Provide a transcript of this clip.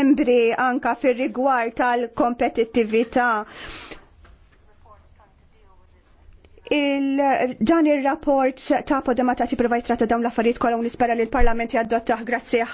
membri anka fir-rigward tal-kompetittività il dan il-rapport ta' podemata ta' tiprovajt tratta dawn l-affarijiet kollha u nispera li l-Parlament jaddottaħ Grazie,